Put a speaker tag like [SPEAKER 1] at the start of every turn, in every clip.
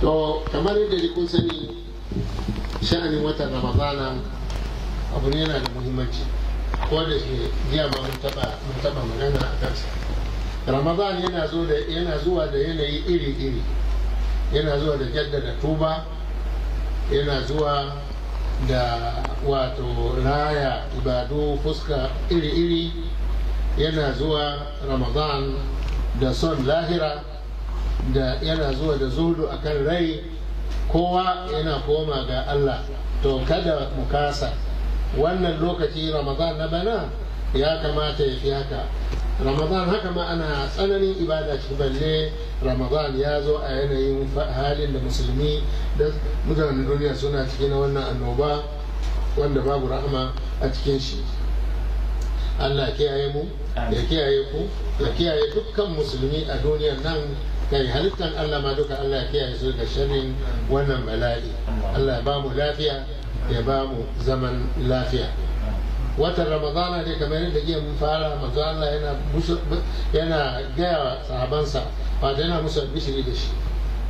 [SPEAKER 1] to kamar yadda kun sani sha'anin watan ramadana abu ne yana da muhimmanci ko da ke jiya ma mun taba mun taba magana a kansa ramadan yana zuwa da yanayi iri iri yana zuwa da jaddada tuba yana zuwa da wato raya ibadu fuska iri iri yana zuwa ramadan da son lahira da yana zuwa da a akan rai kowa yana koma ga Allah to kada mu kasa wannan lokaci ramadan na bana ya kamata ya fi haka ramadan haka ma ana tsananin ibada shi balle ramadan ya zo a yanayin halin da musulmi da mutanen duniya suna cikin wannan annoba wanda babu rahama a cikin shi allah kiyaye mu ya kiyaye ku ya kiyaye dukkan musulmi a duniyar nan يعني هل ألا ما دوك ألا كيا يسولك الشرين وانا ملائي ألا بامو لافيا يبامو زمن لافيا وات رمضان هذه كمان اللي جيه مفارة رمضان الله هنا بس هنا جاء صعبان صعب بعدين موسى بيش ليش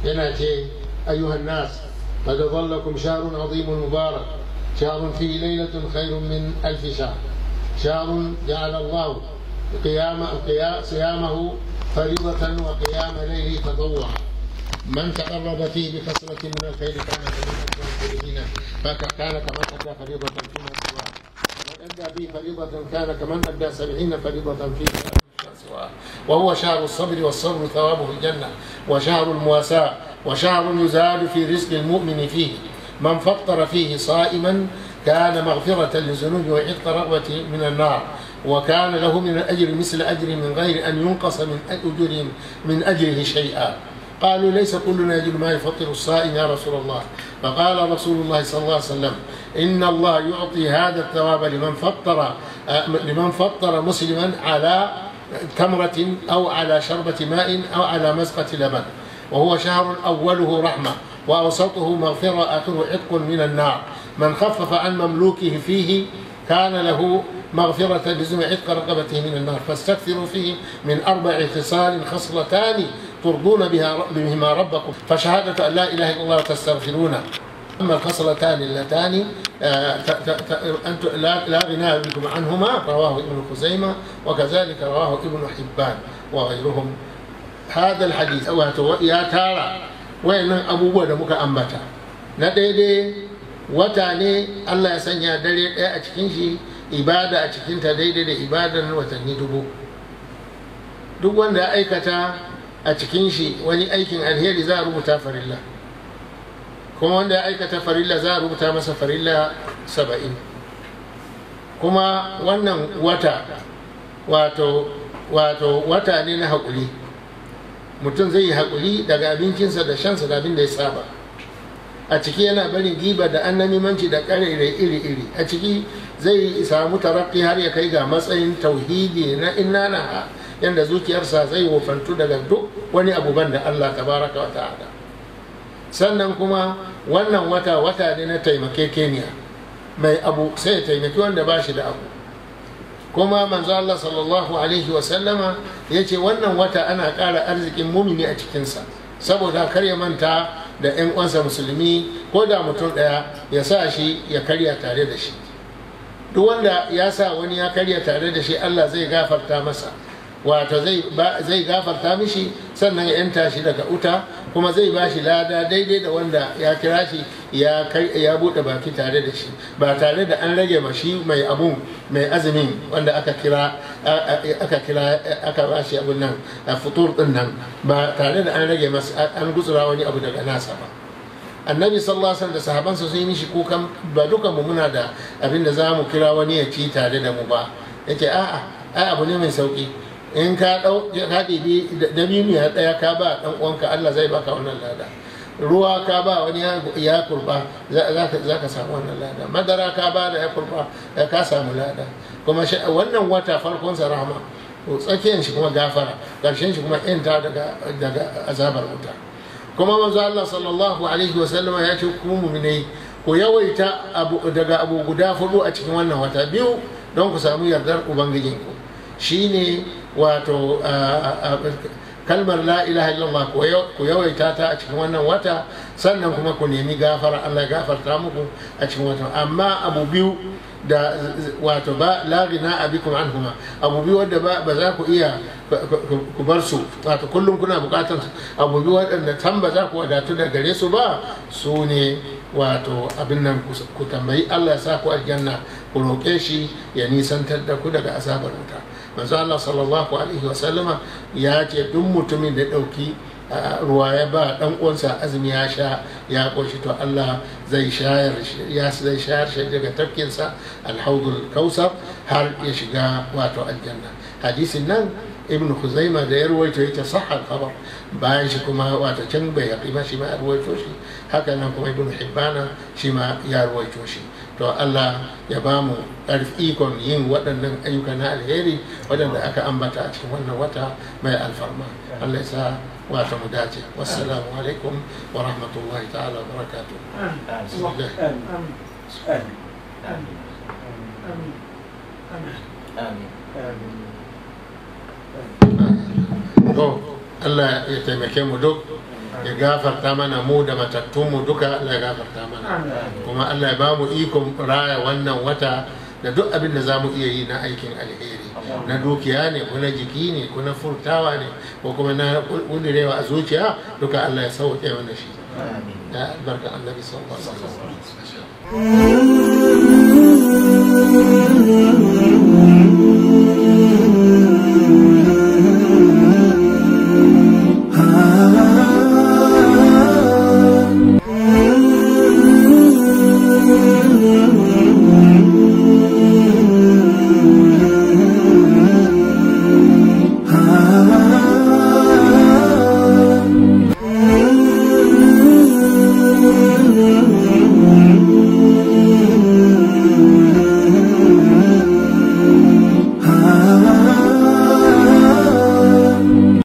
[SPEAKER 1] هنا كي أيها الناس قد ظلكم شهر عظيم مبارك شهر فيه ليلة خير من ألف شهر شهر جعل الله قيام صيامه فريضة وقيام ليله تطوعا من تقرب فيه بكثرة من الخير كان فريضة فكان كمن أدى فريضة فيما سواه من أدى به فريضة كان كمن أدى سبعين فريضة فيما سواه وهو شهر الصبر والصبر ثوابه الجنة وشهر المواساة وشهر يزاد في رزق المؤمن فيه من فطر فيه صائما كان مغفرة للذنوب وعتق رغبة من النار وكان له من الأجر مثل أجر من غير أن ينقص من أجر من أجره شيئا قالوا ليس كلنا يجد ما يفطر الصائم يا رسول الله فقال رسول الله صلى الله عليه وسلم إن الله يعطي هذا الثواب لمن فطر لمن فطر مسلما على تمرة أو على شربة ماء أو على مزقة لبن وهو شهر أوله رحمة وأوسطه مغفرة آخره عتق من النار من خفف عن مملوكه فيه كان له مغفرة لزم عتق رقبته من النار فاستكثروا فيه من أربع خصال خصلتان ترضون بها بهما ربكم فشهادة أن لا إله إلا الله تستغفرون أما الخصلتان اللتان آه، لا لا غنى بكم عنهما رواه ابن خزيمة وكذلك رواه ابن حبان وغيرهم هذا الحديث يا ترى وين أبو abubuwa da muka wata ne Allah ya sanya dare ɗaya a cikin shi ibada a cikinta daidai da ibadar watanni dubu duk wanda ya aikata a cikin shi wani aikin alheri za a rubuta farilla kuma wanda ya aikata farilla za a rubuta masa farilla saba'in kuma wannan wata wato wato wata ne na haƙuri mutum zai yi haƙuri daga abincinsa da shansa da abin da ya saba a ciki yana barin gibar da annamimanci da karere iri-iri a ciki zai samu tarakki har ya kai ga matsayin tauhidi na inna na yadda zuciyarsa zai wofantu daga duk wani abu da Allah tabaraka wa ta'ala sannan kuma wannan wata wata ne na taimakekeniya mai abu sai ya taimaki wanda ba shi da abu kuma manzo Allah sallallahu alaihi wa sallama ya ce wannan wata ana ƙara arzikin mumini a cikinsa saboda kar ya manta da 'yan uwansa musulmi ko da mutum ɗaya ya sa shi ya karya tare da shi duk wanda ya sa wani ya karya tare da shi allah zai gafarta masa wata zai gafarta mishi sannan ya yanta shi daga uta kuma zai ba shi lada daidai da wanda ya kira shi ya buɗe baki tare da shi ba tare da an rage shi mai abun mai azumin wanda aka kira aka kira aka ba shi abun nan a fitur din nan ba tare da an rage masa an gutsura wani abu daga nasa ba annabi sallallahu alaihi da sahabansa sun yi mishi kukan ba duka mu muna da abin da za mu kira wani ya ci tare da mu ba yake a'a ai abu ne mai sauki in ka dau ka ɗibi ya ɗaya ka ba ɗan uwanka Allah zai baka wannan lada ruwa ka ba wani ya kurba za ka samu wannan lada madara ka ba da ya kurba ka samu lada kuma wannan wata farkon sa rahama tsakiyar shi kuma gafara karshen shi kuma yanta daga azabar wuta kuma manzo Allah sallallahu alaihi wa sallama ya ce ku mu'minai ku yawaita daga abu guda fudu a cikin wannan wata biyu don ku samu yardar ubangijinku shine wato kalmar la ilaha illallah ku yawaita ta a cikin wannan wata sannan kuma ku nemi gafara Allah gafarta muku a cikin wata amma abu biyu da wato ba la ghina abikum anhuma abu biyu wadda ba za ku iya ku bar su wato kullum kuna bukatar abu biyu wadanda tan ba za ku wadatu da gare su ba su ne wato abin nan ku tambayi Allah ya sa ku aljanna ku roƙe shi ya nisantar da ku daga asabar wuta manzo Allah sallallahu alaihi wasallama ya ce duk mutumin da ɗauki ruwa ya ba dan uwansa azumi ya sha ya koshi to Allah zai shayar ya zai shayar shi daga tafkinsa alhaudul kausar har ya shiga wato aljanna hadisin nan ابن خزيمة ده يروي شيء تصح الخبر بعيش كما واتشن بيقي ما شما أروي توشي هكذا نكما ابن حبانا شما يروي توشي to Allah ya ba mu ikon yin waɗannan ayyuka na alheri waɗanda aka ambata a cikin wannan wata mai alfarma Allah ya sa wata mu dace wassalamu alaikum wa rahmatullahi ta'ala wa barakatuh amin amin amin amin to Allah ya taimake mu duk ya gafarta mana mu da matattunmu duka Allah ya gafarta mana kuma Allah ya bamu ikon raya wannan wata da duk abin da zamu iya yi na aikin alheri na dukiya ne ko na jiki ne ko na furtawa ne ko kuma na kudurewa a zuciya duka Allah ya sauke mana shi da barka annabi sallallahu alaihi wasallam